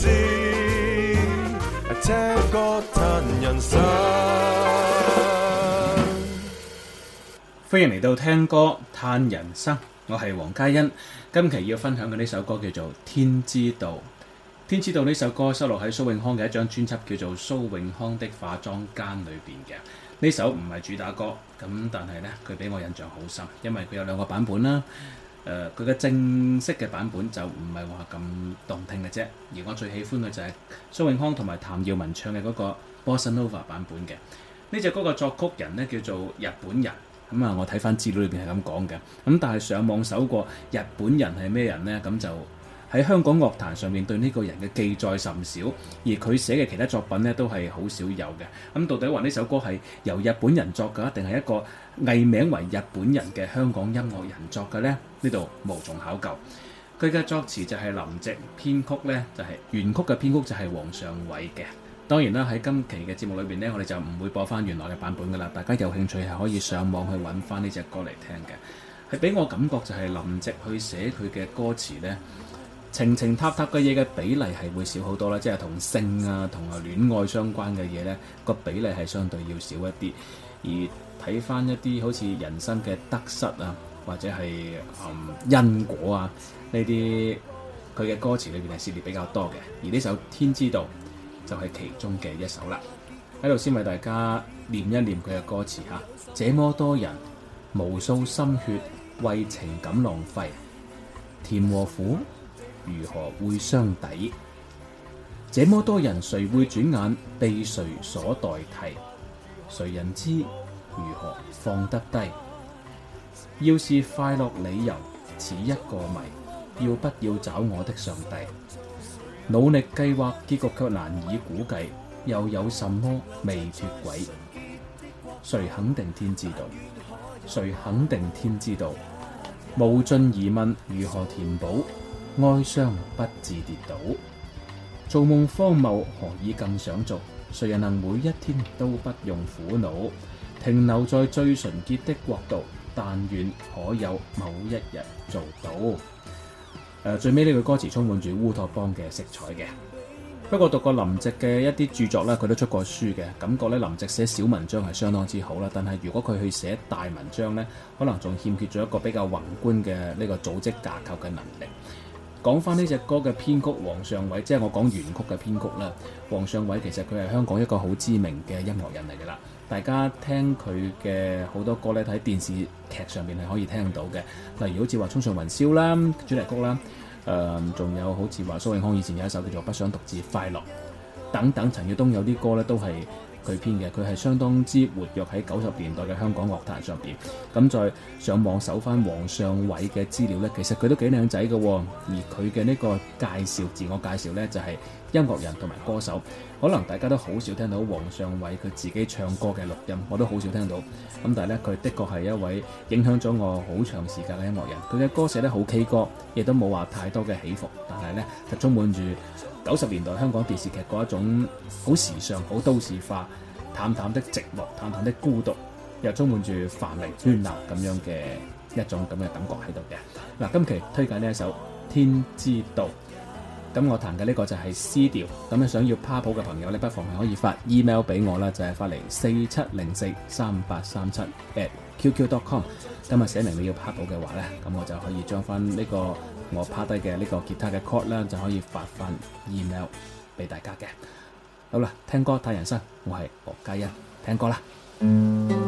歡迎嚟到聽歌嘆人生，我係黃嘉欣。今期要分享嘅呢首歌叫做《天知道》。《天知道》呢首歌收錄喺蘇永康嘅一張專輯叫做《蘇永康的化妝間》裏邊嘅。呢首唔係主打歌，咁但係呢，佢俾我印象好深，因為佢有兩個版本啦。誒佢嘅正式嘅版本就唔係話咁動聽嘅啫，而我最喜歡嘅就係蘇永康同埋譚耀文唱嘅嗰個 Bossa Nova 版本嘅，呢隻歌嘅作曲人咧叫做日本人，咁、嗯、啊我睇翻資料裏邊係咁講嘅，咁、嗯、但係上網搜過日本人係咩人咧，咁、嗯、就。喺香港樂壇上面對呢個人嘅記載甚少，而佢寫嘅其他作品呢都係好少有嘅。咁到底話呢首歌係由日本人作嘅，定係一個藝名為日本人嘅香港音樂人作嘅呢？呢度無從考究。佢嘅作詞就係林夕，編曲呢就係、是、原曲嘅編曲就係黃尚偉嘅。當然啦，喺今期嘅節目裏邊呢，我哋就唔會播翻原來嘅版本噶啦。大家有興趣係可以上網去揾翻呢隻歌嚟聽嘅。係俾我感覺就係林夕去寫佢嘅歌詞呢。情情塌塌嘅嘢嘅比例係會少好多啦，即係同性啊、同埋戀愛相關嘅嘢呢個比例係相對要少一啲。而睇翻一啲好似人生嘅得失啊，或者係、嗯、因果啊呢啲，佢嘅歌詞裏邊係涉獵比較多嘅。而呢首《天知道》就係、是、其中嘅一首啦。喺度先為大家念一念佢嘅歌詞吓：「這麼多人，無數心血為情感浪費，甜和苦。如何會相抵？這麼多人誰轉，誰會轉眼被誰所代替？誰人知如何放得低？要是快樂理由似一個謎，要不要找我的上帝？努力計劃，結局卻難以估計，又有什麼未脱軌？誰肯定天知道？誰肯定天知道？無盡疑問，如何填補？哀傷不自跌倒，造夢荒謬何以更想做？誰人能每一天都不用苦惱，停留在最純潔的國度？但願可有某一日做到。呃、最尾呢句歌詞充滿住烏托邦嘅色彩嘅。不過讀過林夕嘅一啲著作呢佢都出過書嘅，感覺呢林夕寫小文章係相當之好啦。但係如果佢去寫大文章呢，可能仲欠缺咗一個比較宏觀嘅呢、這個組織架構嘅能力。講翻呢隻歌嘅編曲黃尚偉，即係我講原曲嘅編曲啦。黃尚偉其實佢係香港一個好知名嘅音樂人嚟噶啦，大家聽佢嘅好多歌呢，睇電視劇上面係可以聽到嘅。例如好似話《衝上雲霄》啦、主題曲啦，呃，仲有好似話蘇永康以前有一首叫做《不想獨自快樂》等等，陳耀東有啲歌呢，都係。佢編嘅，佢係相當之活躍喺九十年代嘅香港樂壇上邊，咁再上網搜翻黃尚偉嘅資料呢，其實佢都幾靚仔嘅，而佢嘅呢個介紹自我介紹呢就係、是。音樂人同埋歌手，可能大家都好少聽到黃尚偉佢自己唱歌嘅錄音，我都好少聽到。咁但係咧，佢的確係一位影響咗我好長時間嘅音樂人。佢嘅歌寫得好 K 歌，亦都冇話太多嘅起伏，但係咧，就充滿住九十年代香港電視劇嗰一種好時尚、好都市化、淡淡的寂寞、淡淡的孤獨，又充滿住繁榮喧鬧咁樣嘅一種咁嘅感覺喺度嘅。嗱，今期推介呢一首《天知道》。咁我彈嘅呢個就係 C 調，咁你想要趴譜嘅朋友你不妨可以發 email 俾我啦，就係、是、發嚟四七零四三八三七 @qq.com，咁啊寫明你要趴譜嘅話呢，咁我就可以將翻呢個我趴低嘅呢個吉他嘅 chord 咧，就可以發翻 email 俾大家嘅。好啦，聽歌睇人生，我係樂嘉欣，聽歌啦。嗯